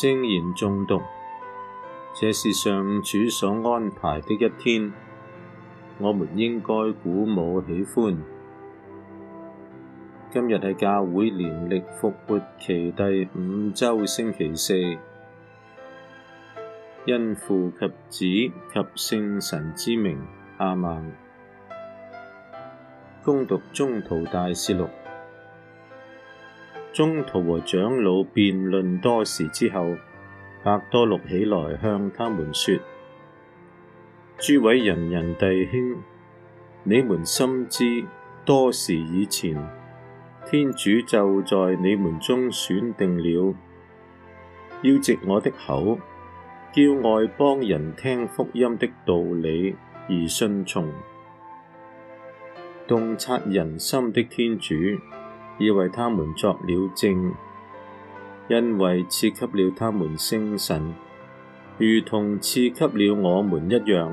聖言誦讀，這是上主所安排的一天，我們應該鼓舞喜歡。今日係教會年曆復活期第五周星期四，因父及子及聖神之名，阿們，恭讀宗徒大事錄。宗徒和長老辯論多時之後，伯多祿起來向他們說：諸位仁人弟兄，你們深知多時以前，天主就在你們中選定了，要藉我的口，叫外邦人聽福音的道理而信從，洞察人心的天主。已為他們作了證，因為賜給了他們聖神，如同賜給了我們一樣，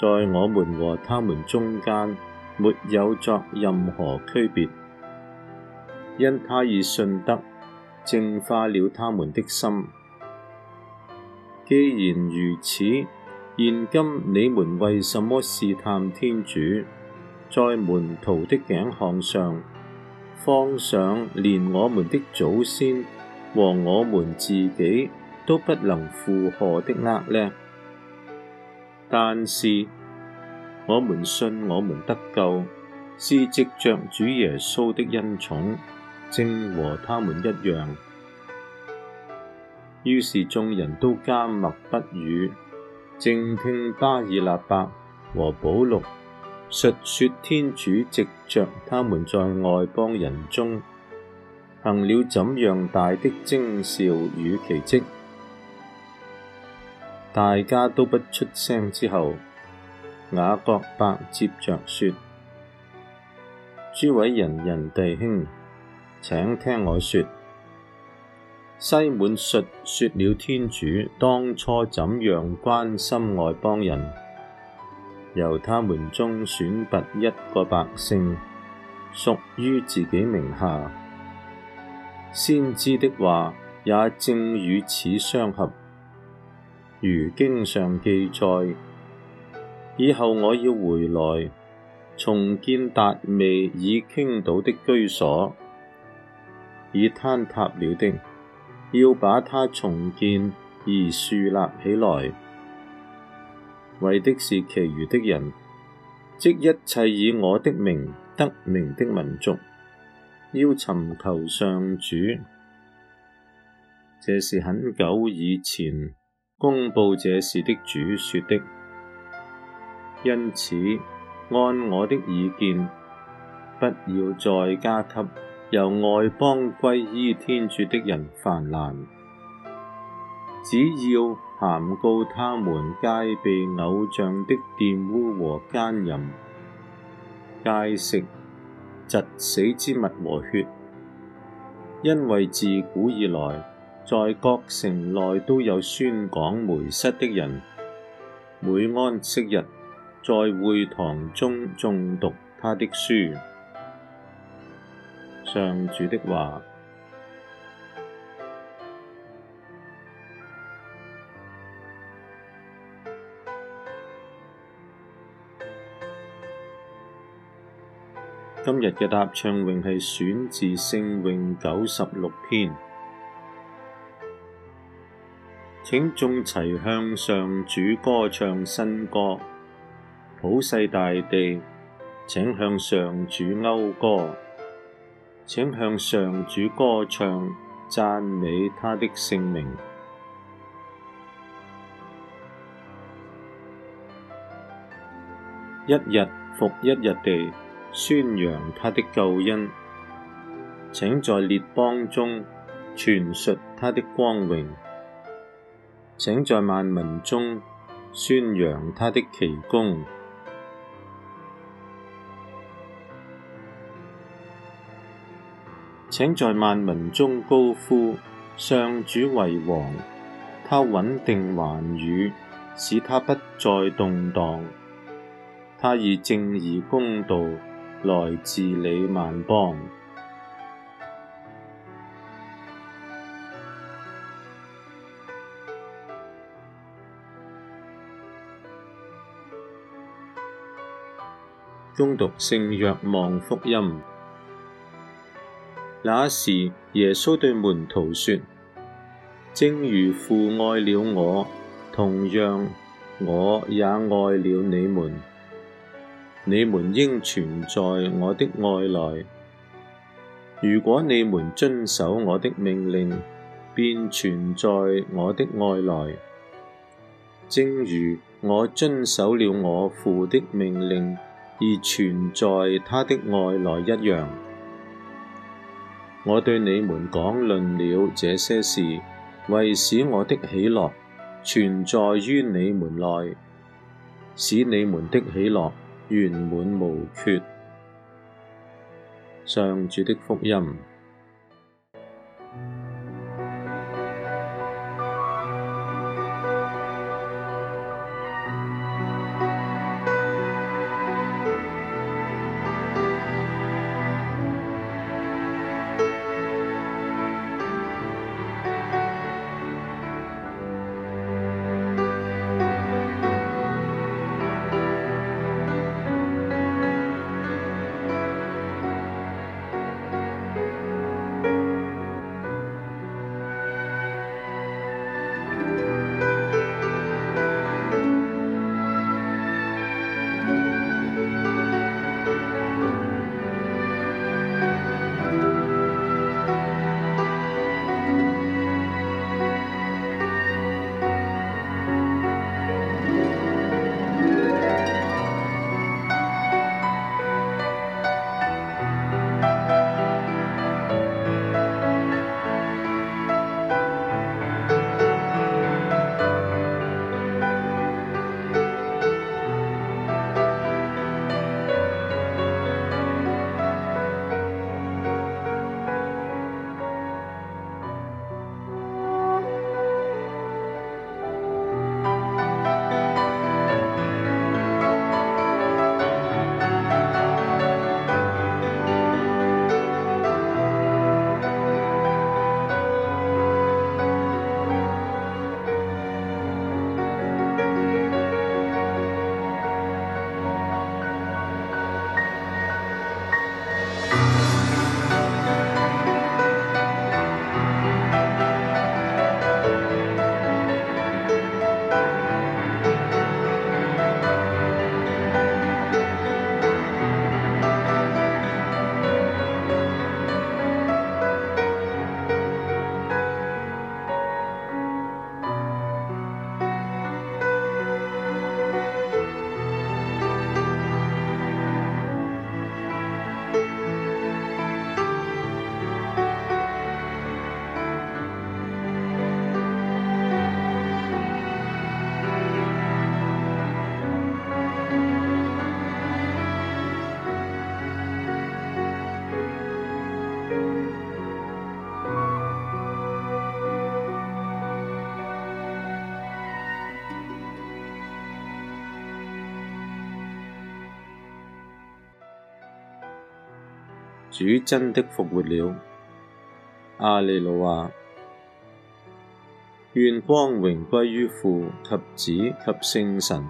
在我們和他們中間沒有作任何區別，因他以信德淨化了他們的心。既然如此，現今你們為什麼試探天主，在門徒的頸項上，放上連我們的祖先和我們自己都不能負荷的軛呢？但是我們信我們得救，是藉着主耶穌的恩寵，正和他們一樣。於是眾人都緘默不語，靜聽巴爾納伯和保祿。述說天主藉着他們在外邦人中，行了怎樣大的徵兆與奇蹟。大家都不出聲之後，雅各伯接着說：諸位仁人，人弟兄，請聽我說，西滿述說了天主當初怎樣關心外邦人。由他們中選拔一個百姓，屬於自己名下。先知的話也正與此相合。如經上記載，以後我要回來，重建達味已傾倒的居所，已坍塌了的，要把它重建而豎立起來。為的是其餘的人，即一切以我的名得名的民族，要尋求上主。這是很久以前公布這事的主說的。因此，按我的意見，不要再加給由外邦歸依天主的人煩難，只要，函告他們戒避偶像的玷污和奸淫，戒食窒死之物和血，因為自古以來，在各城內都有宣講梅瑟的人，每安息日在會堂中誦讀他的書。上主的話。今日嘅答唱詠係選自聖詠九十六篇，請眾齊向上主歌唱新歌，普世大地，請向上主謳歌，請向上主歌唱讚美他的聖名，一日復一日地。宣揚他的救恩，請在列邦中傳述他的光榮，請在萬民中宣揚他的奇功，請在萬民中高呼上主為王，他穩定寰宇，使他不再動盪，他以正義公道，來治理萬邦。恭讀聖若望福音，那時耶穌對門徒說：「正如父愛了我，同樣我也愛了你們。你們應存在我的愛內。如果你們遵守我的命令，便存在我的愛內，正如我遵守了我父的命令而存在他的愛內一樣。我對你們講論了這些事，為使我的喜樂存在於你們內，使你們的喜樂。圓滿無缺。上主的福音。主真的復活了，阿里路亞、啊！願光榮歸於父及子及聖神，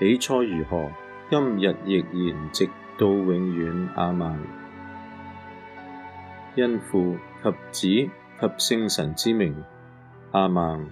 起初如何，今日亦然，直到永遠，阿曼。因父及子及聖神之名，阿曼。